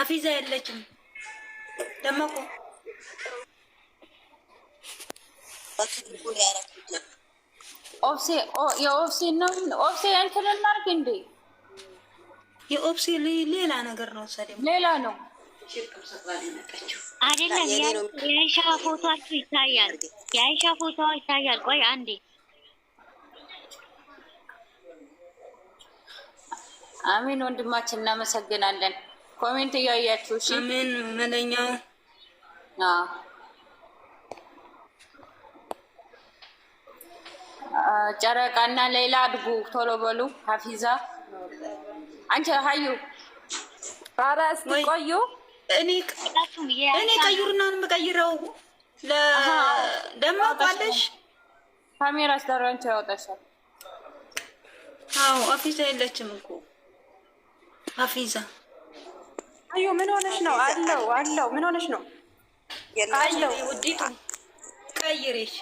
አፊዛ የለችም። ደመቁ ኦብሴ የኦብሴ ነው። ኦብሴ እንትን እናድርግ እንዴ? የኦብሴ ሌላ ነገር ነው። ሰደ ሌላ ነው አይደለም። የአይሻ ፎቶችሁ ይታያል። የአይሻ ፎቶ ይታያል። ቆይ አንዴ አሚን ወንድማችን እናመሰግናለን። ኮሜንት እያያችሁ እሺ። ምን መለኛው ጨረቃና ሌላ አድጉ ቶሎ በሉ። ሀፊዛ አንቺ ሀዩ ኧረ እስኪ ቆዩ። እኔ እኔ ቀይሩና የምቀይረው ደግሞ አውቃለሽ ካሜራ አስደረንቻ ያወጣሻል። አዎ ሀፊዛ የለችም እኮ ሀፊዛ አዩ ምን ሆነሽ ነው? አለው አለው ምን ሆነሽ ነው? አለው ውዲቱ ቀይሬሽ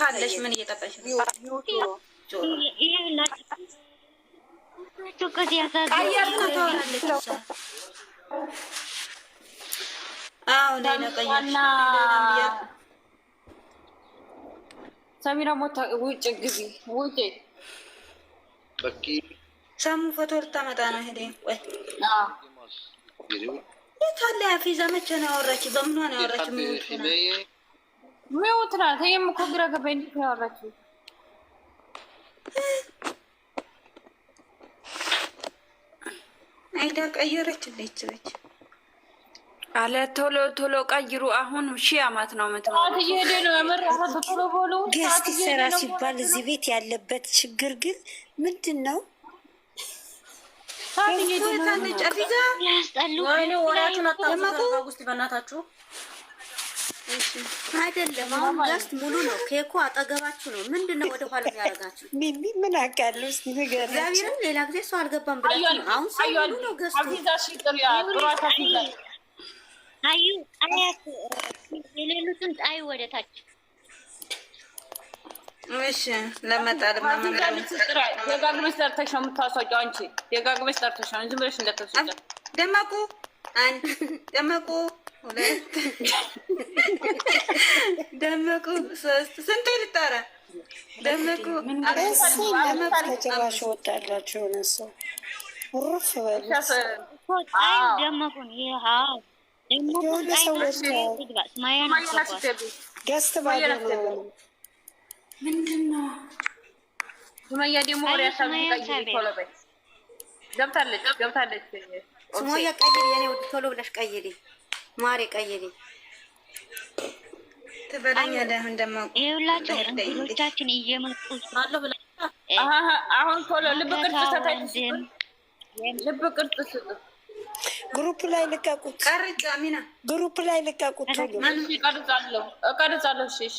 ካለሽ ምን እየጠበሽ ነው? ሰሚራ ሞታ ውጭ ጊዜ ውጭ በቂ ሳሙ ፎቶ ልታመጣ ነው። ሄደ ወይ የት አለ ፊዛ? መቼ ነው ያወራች? በምኗ ነው ያወራች? ሚውት እኮ ግራ ገባኝ። እንዴት ነው ያወራች? አይዳ ቀየረች። አለ ቶሎ ቶሎ ቀይሩ። አሁን ነው ስራ ሲባል እዚህ ቤት ያለበት ችግር ግን ምንድን ነው? አይደለም አሁን ጋስት ሙሉ ነው። ኬኩ አጠገባችሁ ነው። ምንድን ነው ወደ ምን አውቃለሁ። እስኪ እግዚአብሔርን ሌላ ጊዜ ሰው አልገባም ብላችሁ ነው። አሁን ሰው ሙሉ ነው አዩ የሌሉትን ጣይ ወደታች እሺ ለመጣል ደጋግመሽ ጠርተሽ ነው የምታስወቂው። አንቺ ደጋግመሽ ጠርተሽ ነው ዝም ብለሽ እንዳታስወቂው። ደመቁ አንድ ደመቁ ሁለት ደመቁ ሶስት ስንቱ ልጠራ ደመቁ ለመጨባሽ ወዳላችሁ የሆነ ሰው ሩፍ በሉ ደመቁን ገስት ባለ ነው ምንድን ነው ሱመያ ደግሞ ወሬ ገብታለች ገብታለች። ሱመያ ቀይሪ፣ የኔ ውድ ቶሎ ብለሽ ቀይሪ፣ ማሬ ቀይሪ። ትበለኛለህ እየመጡ አሁን ቶሎ ልብ ቅርጽ ተታይስ ልብ ቅርጽ ስጡ። ግሩፕ ላይ ልቀቁት፣ ቀርጫ ሚና ግሩፕ ላይ ልቀቁት። ቀርጻለሁ፣ እቀርጻለሁ። እሺ እሺ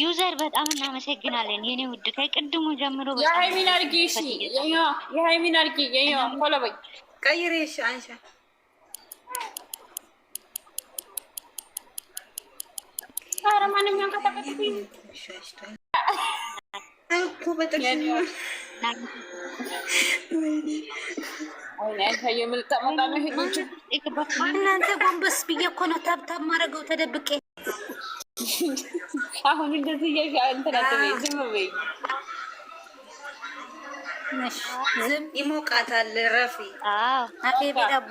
ዩዘር በጣም እናመሰግናለን የኔ ውድ ከቅድሙ ጀምሮ የሀይሚን አድርጊ የሀይሚን አድርጊ ኮለበኝ ቀይሬ አንሻ ኧረ ማንኛውም ከተቀጥኝ እናንተ ጎንበስ ብዬ እኮ ነው ታብታብ ማድረገው ተደብቄ አሁን እንደዚህ እያ እንትናት ዝም በይ ዝም ይሞቃታል። ረፊ ዳቦ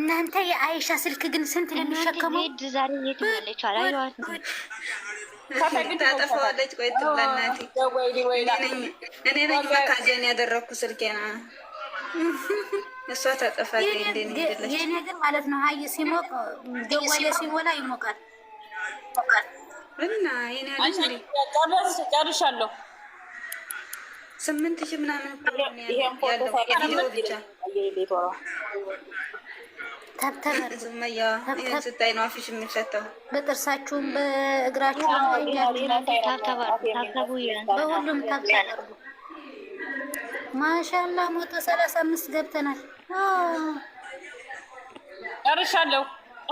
እናንተ የአይሻ ስልክ ግን ስንት ነው የሚሸከመው? ዛሬ የት ያለች አላየኋት። ታጠፋዋለች። ቆይ ትብላናት። እኔ ነኝ ካዚያን ያደረግኩ ስልኬ ነው እሷ ታጠፋለች። ይህ ነገር ማለት ነው። ሀይ ሲሞቅ ደወለ ሲሞላ ይሞቃል። እና ጨርሻለሁ። ስምንት ሺህ ምናምን በጥርሳችሁም በእግራችሁም በሁሉም ታብታርጉ ማሻላ ሞቶ ሰላሳ አምስት ገብተናል። ጨርሻለሁ።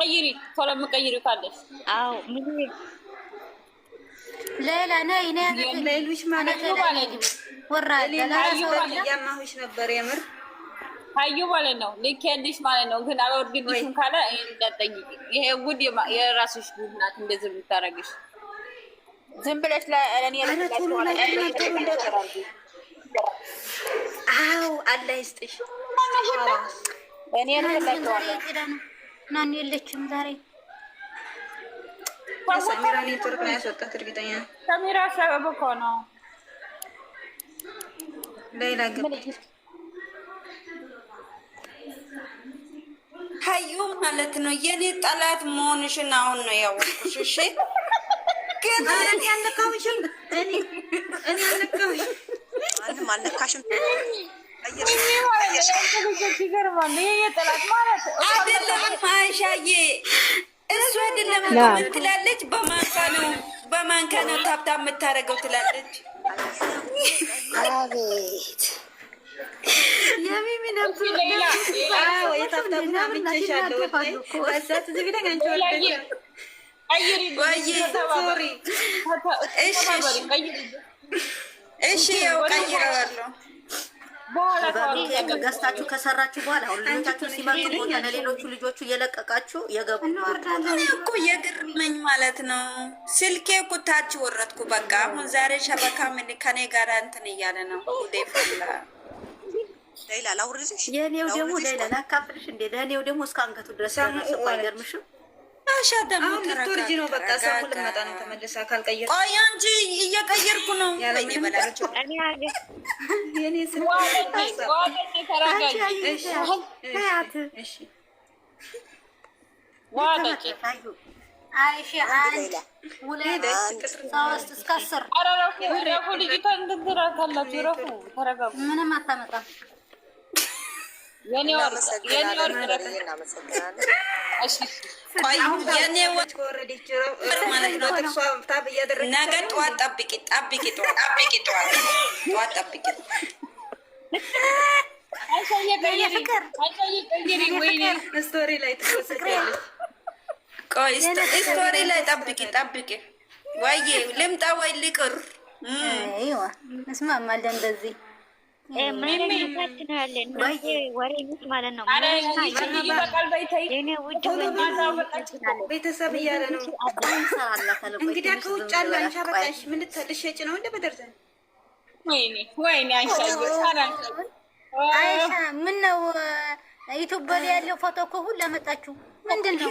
ቀይሪ ቶሎ ቀይሪ ካለሽ። አዎ ሌላ ነይ ሌሎች ማለት ያማሁሽ ነበር የምር ታዩ ማለት ነው። ልኬልሽ ማለት ነው። ግን አልወርድልሽም ካለ እንዳትጠይቂ። ይሄ ጉድ የራስሽ ጉድ ናት እንደዚህ የምታደርግሽ ዝም ብለሽ ለእኔ አዎ አለ ይስጥሽ። እኔን ናን የለችም ዛሬ ሰሚራ ኔትወርክ ነው ያስወጣት። እርግጠኛ ሰሚራ ሰበብ እኮ ነው። ሌላ ግን ሀዩ ማለት ነው የኔ ጠላት መሆንሽን አሁን ነው ያወቅሽ። እሺ ግን እኔ አልነካሁሽም። እኔ እኔ አልነካሁሽም አልነካሽም። አይደለም አይሻዬ፣ እሱ አይደለም ምን ትላለች? በማንካ ነው በማንካ ነው ታብታ የምታደርገው ትላለች። አቤት የሚሚነብታብታ እሺ ያው ቀይረዋለሁ። ገዝታችሁ ከሰራችሁ በኋላ አሁን ልጆቻችሁ ሲመጡ ቦታ ለሌሎቹ ልጆቹ እየለቀቃችሁ የገቡ እኮ የግርመኝ ማለት ነው። ስልኬ እኮ ታች ወረድኩ። በቃ አሁን ዛሬ ሸበካ ምን ከኔ ጋር እንትን እያለ ነው። ዴላ ሌላ ላውርድሽ፣ የኔው ደግሞ ሌላ ላካፍልሽ እንዴ ለእኔው ደግሞ እስከ አንገቱ ድረስ ሰው አይገርምሽም? እየቀየርኩ ነው። ምንም አታመጣም ነገ ጠዋት ጠብቂ ጠብቂ ጠዋት ጠብቂ። ስቶሪ ላይ ጠብቂ ጠብቂ። ወይ ልምጣ ወይ ልቅር እስማማለን በዚህ ቤተሰብ እያለ ነው እንግዲህ ከውጭ አሉ አንቺ አበቃሽ። ምን ልትሸጪ ነው? እንደ በደርዘን ምን ነው ኢትዮጵያ ላይ ያለው ፎቶ እኮ ሁሉ አመጣችሁ ምንድን ነው?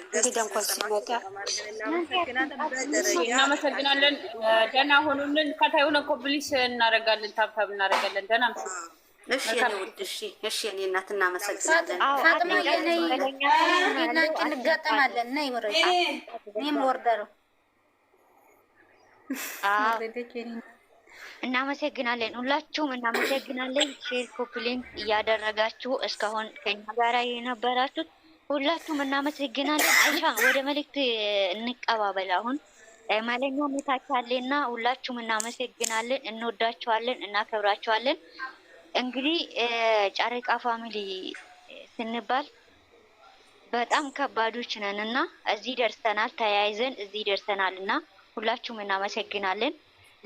እንግዲህ እንኳን እናመሰግናለን። ደህና ሆኑልን። ከታዩነ ኮብሊስ እናደርጋለን፣ ታብታብ እናደርጋለን። ደህና እሺ፣ ውድ እሺ፣ እሺ፣ እናት እናመሰግናለን። ነይ እኔም ወርደረው እናመሰግናለን ሁላችሁም እናመሰግናለን። ሼር ኮፕሊንግ እያደረጋችሁ እስካሁን ከኛ ጋራ የነበራችሁት ሁላችሁም እናመሰግናለን። አይሻ ወደ መልእክት እንቀባበል አሁን ማለኛ ሜታቻለና ሁላችሁም እናመሰግናለን። እንወዳችኋለን፣ እናከብራችኋለን። እንግዲህ ጨረቃ ፋሚሊ ስንባል በጣም ከባዶች ነን እና እዚህ ደርሰናል፣ ተያይዘን እዚህ ደርሰናል እና ሁላችሁም እናመሰግናለን።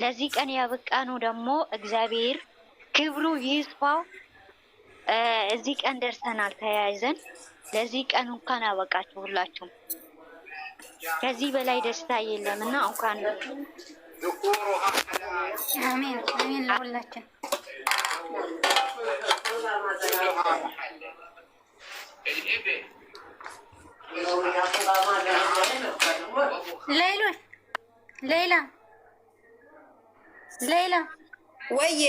ለዚህ ቀን ያበቃ ነው ደግሞ እግዚአብሔር ክብሩ ይስፋው። እዚህ ቀን ደርሰናል ተያይዘን። ለዚህ ቀን እንኳን አበቃችሁ ሁላችሁም። ከዚህ በላይ ደስታ የለም እና እንኳን አሜን አሜን ለሁላችን ሌይላ ሌይላ ሌይላ ወይዬ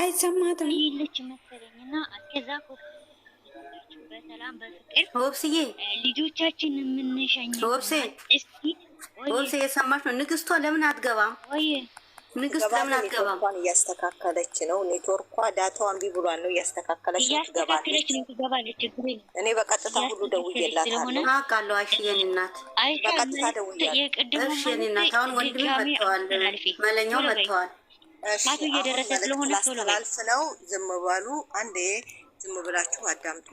አይሰማትም ይልች መሰለኝና እስከዛ በሰላም በፍቅር ወብስዬ ልጆቻችን የምንሸኝ ወብሴ ወብሴ የሰማች ነው። ንግስቷ ለምን አትገባም? ንግስት ለምን አትገባም? እያስተካከለች ነው ኔትወርኳ፣ ዳታዋን እምቢ ብሏል ነው እያስተካከለች ነው። ትገባለች ትገባለች። እኔ በቀጥታ ሁሉ ደውዬላታለሁ። አውቃለሁ። አሽ የኔ እናት በቀጥታ ደውዬ የቅድሙ የኔ እናት አሁን ወንድሜ መጥተዋል፣ መለኛው መጥተዋል ሰዓቱ እየደረሰ ስለሆነ ቶሎ ዝም ባሉ አንዴ ዝም ብላችሁ አዳምጡ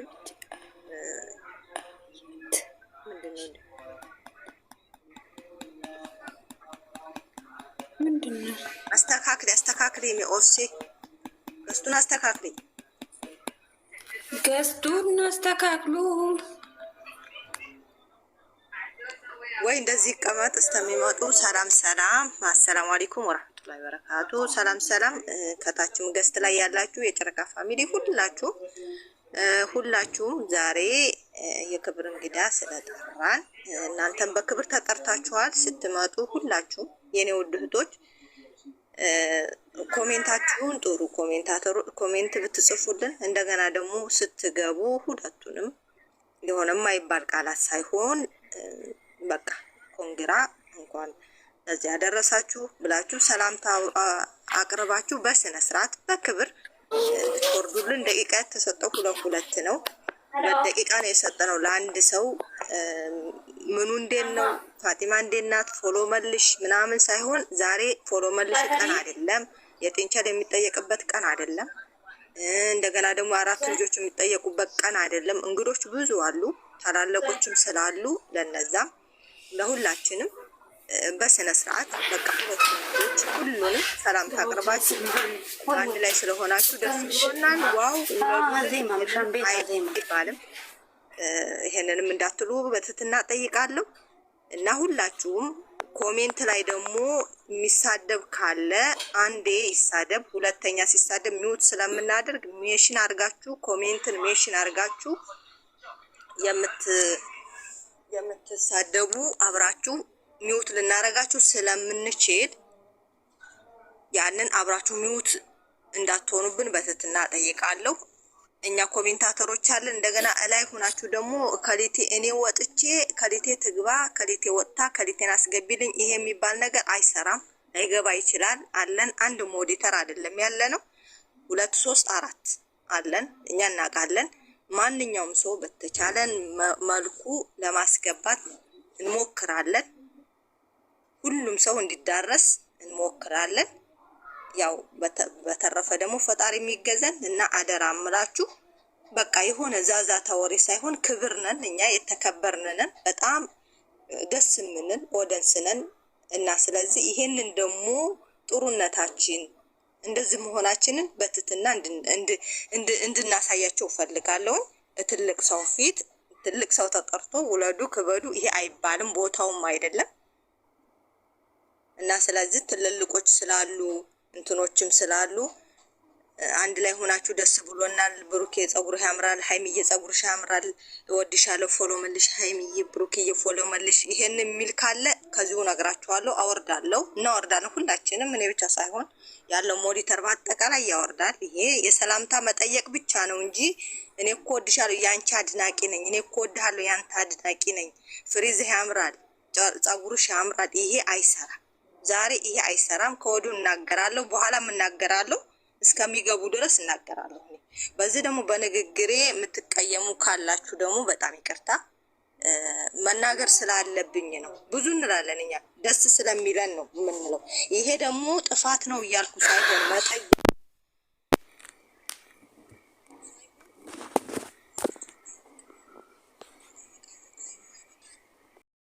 ገስቱን አስተካክል ገስቱን አስተካክሉ ወይ እንደዚህ ቀመጥ እስከሚመጡ ሰላም ሰላም አሰላሙ አለይኩም ወራ ወራህመቱላሂ ወበረካቱ። ሰላም ሰላም፣ ከታችም ገስት ላይ ያላችሁ የጨረቃ ፋሚሊ ሁላችሁ ሁላችሁም ዛሬ የክብር እንግዳ ስለጠራን እናንተም በክብር ተጠርታችኋል። ስትመጡ ሁላችሁም የኔ ውድ እህቶች ኮሜንታችሁን ጥሩ ኮሜንታተሩ ኮሜንት ብትጽፉልን እንደገና ደግሞ ስትገቡ ሁለቱንም የሆነ የማይባል ቃላት ሳይሆን በቃ ኮንግራ እንኳን እዚያ ያደረሳችሁ ብላችሁ ሰላምታ አቅርባችሁ በስነ ስርዓት በክብር ልትወርዱልን ደቂቃ የተሰጠው ሁለት ሁለት ነው። ደቂቃ ነው የሰጠነው ለአንድ ሰው ምኑ እንዴት ነው ፋጢማ እንዴት ናት ፎሎ መልሽ ምናምን ሳይሆን ዛሬ ፎሎ መልሽ ቀን አይደለም። የጥንቸል የሚጠየቅበት ቀን አይደለም። እንደገና ደግሞ አራት ልጆች የሚጠየቁበት ቀን አይደለም። እንግዶች ብዙ አሉ፣ ታላላቆችም ስላሉ ለነዛም ለሁላችንም በስነ ስርዓት በቃ ሁለት ልጆች ሁሉንም ሰላም ታቅርባችሁ አንድ ላይ ስለሆናችሁ ደስ ብሎናል። ዋው ይባልም ይሄንንም እንዳትሉ በትትና ጠይቃለሁ እና ሁላችሁም ኮሜንት ላይ ደግሞ የሚሳደብ ካለ አንዴ ይሳደብ፣ ሁለተኛ ሲሳደብ ሚውት ስለምናደርግ ሜሽን አድርጋችሁ ኮሜንትን ሜሽን አድርጋችሁ የምትሳደቡ አብራችሁ ሚውት ልናረጋችሁ ስለምንችል ያንን አብራችሁ ሚውት እንዳትሆኑብን በትህትና ጠይቃለሁ። እኛ ኮሜንታተሮች አለን። እንደገና እላይ ሆናችሁ ደግሞ ከሊቴ እኔ ወጥቼ ከሊቴ ትግባ ከሊቴ ወጥታ ከሊቴን አስገቢልኝ ይሄ የሚባል ነገር አይሰራም። ላይገባ ይችላል። አለን አንድ ሞዴተር አይደለም ያለ ነው። ሁለት ሶስት አራት አለን። እኛ እናውቃለን። ማንኛውም ሰው በተቻለን መልኩ ለማስገባት እንሞክራለን። ሁሉም ሰው እንዲዳረስ እንሞክራለን። ያው በተረፈ ደግሞ ፈጣሪ የሚገዘን እና አደራ ምላችሁ በቃ የሆነ ዛዛ ተወሬ ሳይሆን ክብር ነን እኛ የተከበርንንን በጣም ደስ የምንል ኦደንስ ነን እና ስለዚህ ይሄንን ደግሞ ጥሩነታችን እንደዚህ መሆናችንን በትትና እንድናሳያቸው እፈልጋለሁ። ትልቅ ሰው ፊት ትልቅ ሰው ተጠርቶ ውለዱ ክበዱ ይሄ አይባልም፣ ቦታውም አይደለም። እና ስለዚህ ትልልቆች ስላሉ እንትኖችም ስላሉ አንድ ላይ ሆናችሁ ደስ ብሎናል። ብሩኬ ጸጉርህ ያምራል፣ ሀይሚዬ ጸጉርሽ ያምራል፣ እወድሻለሁ፣ ፎሎ መልሽ ሀይሚዬ፣ ብሩኬዬ ፎሎ መልሽ። ይሄን የሚል ካለ ከዚሁ ነግራችኋለሁ። አወርዳለሁ፣ እናወርዳለን። ሁላችንም እኔ ብቻ ሳይሆን ያለው ሞኒተር በአጠቃላይ ያወርዳል። ይሄ የሰላምታ መጠየቅ ብቻ ነው እንጂ እኔ እኮ ወድሻለሁ፣ የአንቺ አድናቂ ነኝ፣ እኔ እኮ ወድሃለሁ፣ የአንተ አድናቂ ነኝ፣ ፍሪዝህ ያምራል፣ ጸጉርሽ ያምራል፣ ይሄ አይሰራም። ዛሬ ይሄ አይሰራም፣ ከወዲሁ እናገራለሁ፣ በኋላም እናገራለሁ፣ እስከሚገቡ ድረስ እናገራለሁ። በዚህ ደግሞ በንግግሬ የምትቀየሙ ካላችሁ ደግሞ በጣም ይቅርታ፣ መናገር ስላለብኝ ነው። ብዙ እንላለን እኛ፣ ደስ ስለሚለን ነው የምንለው። ይሄ ደግሞ ጥፋት ነው እያልኩ ሳይሆን መጠየቅ